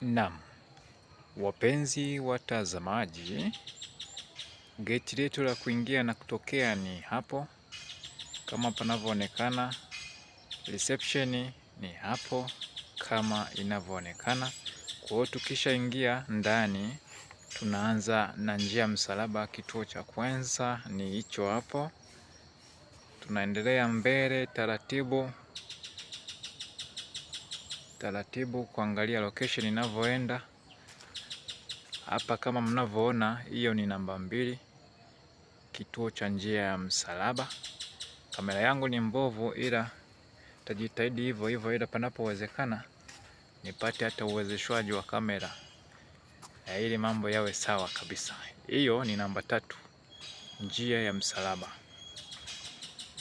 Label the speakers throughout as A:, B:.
A: Naam, wapenzi watazamaji, geti letu la kuingia na kutokea ni hapo kama panavyoonekana. Reception ni hapo kama inavyoonekana. Kwa hiyo tukishaingia ndani, tunaanza na njia ya msalaba. Kituo cha kwanza ni hicho hapo, tunaendelea mbele taratibu taratibu kuangalia location inavyoenda. Hapa kama mnavyoona, hiyo ni namba mbili, kituo cha njia ya Msalaba. Kamera yangu ni mbovu, ila tajitahidi hivyo hivyo, ila panapowezekana nipate hata uwezeshwaji wa kamera ya ili mambo yawe sawa kabisa. Hiyo ni namba tatu, njia ya Msalaba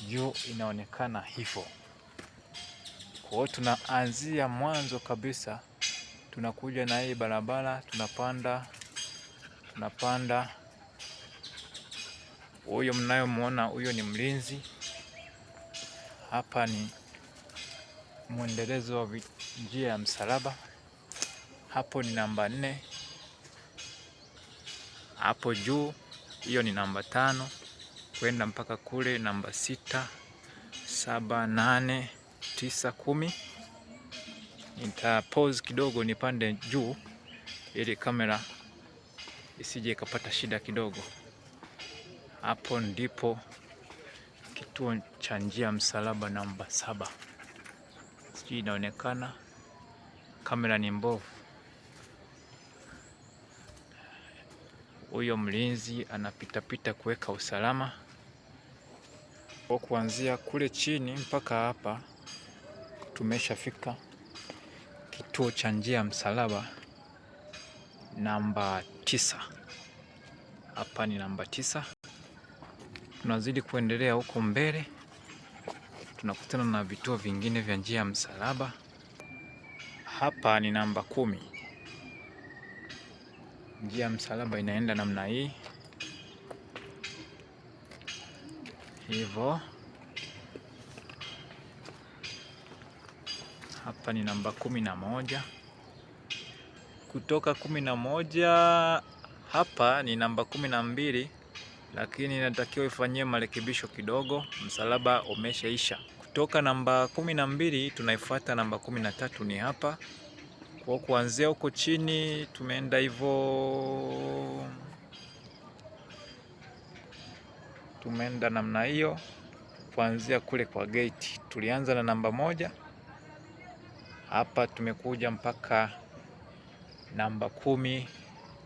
A: juu inaonekana hivyo. Kwa hiyo tunaanzia mwanzo kabisa, tunakuja na hii barabara, tunapanda tunapanda. Huyo mnayomwona huyo ni mlinzi. Hapa ni mwendelezo wa njia ya msalaba, hapo ni namba nne, hapo juu hiyo ni namba tano kwenda mpaka kule namba sita, saba, nane tisa, kumi. Nita pause kidogo nipande juu ili kamera isije ikapata shida kidogo. Hapo ndipo kituo cha njia msalaba namba saba. Sijui inaonekana, kamera ni mbovu. Huyo mlinzi anapitapita kuweka usalama kwa kuanzia kule chini mpaka hapa. Tumeshafika kituo cha njia ya msalaba namba tisa. Hapa ni namba tisa. Tunazidi kuendelea huko mbele, tunakutana na vituo vingine vya njia ya msalaba. Hapa ni namba kumi. Njia ya msalaba inaenda namna hii hivyo. hapa ni namba kumi na moja kutoka kumi na moja hapa ni namba kumi na mbili lakini inatakiwa ifanyie marekebisho kidogo, msalaba umeshaisha. Kutoka namba kumi na mbili tunaifuata namba kumi na tatu ni hapa kwa kuanzia huko chini tumeenda hivyo, tumeenda namna hiyo kuanzia kule kwa geti. Tulianza na namba moja hapa tumekuja mpaka namba kumi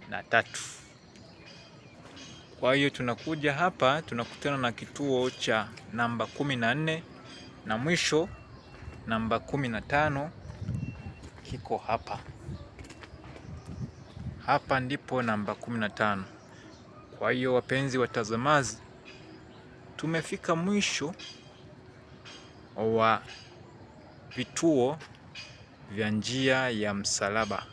A: na tatu. Kwa hiyo tunakuja hapa tunakutana na kituo cha namba kumi na nne na mwisho namba kumi na tano kiko hapa. Hapa ndipo namba kumi na tano. Kwa hiyo wapenzi watazamaji, tumefika mwisho wa vituo vya njia ya msalaba.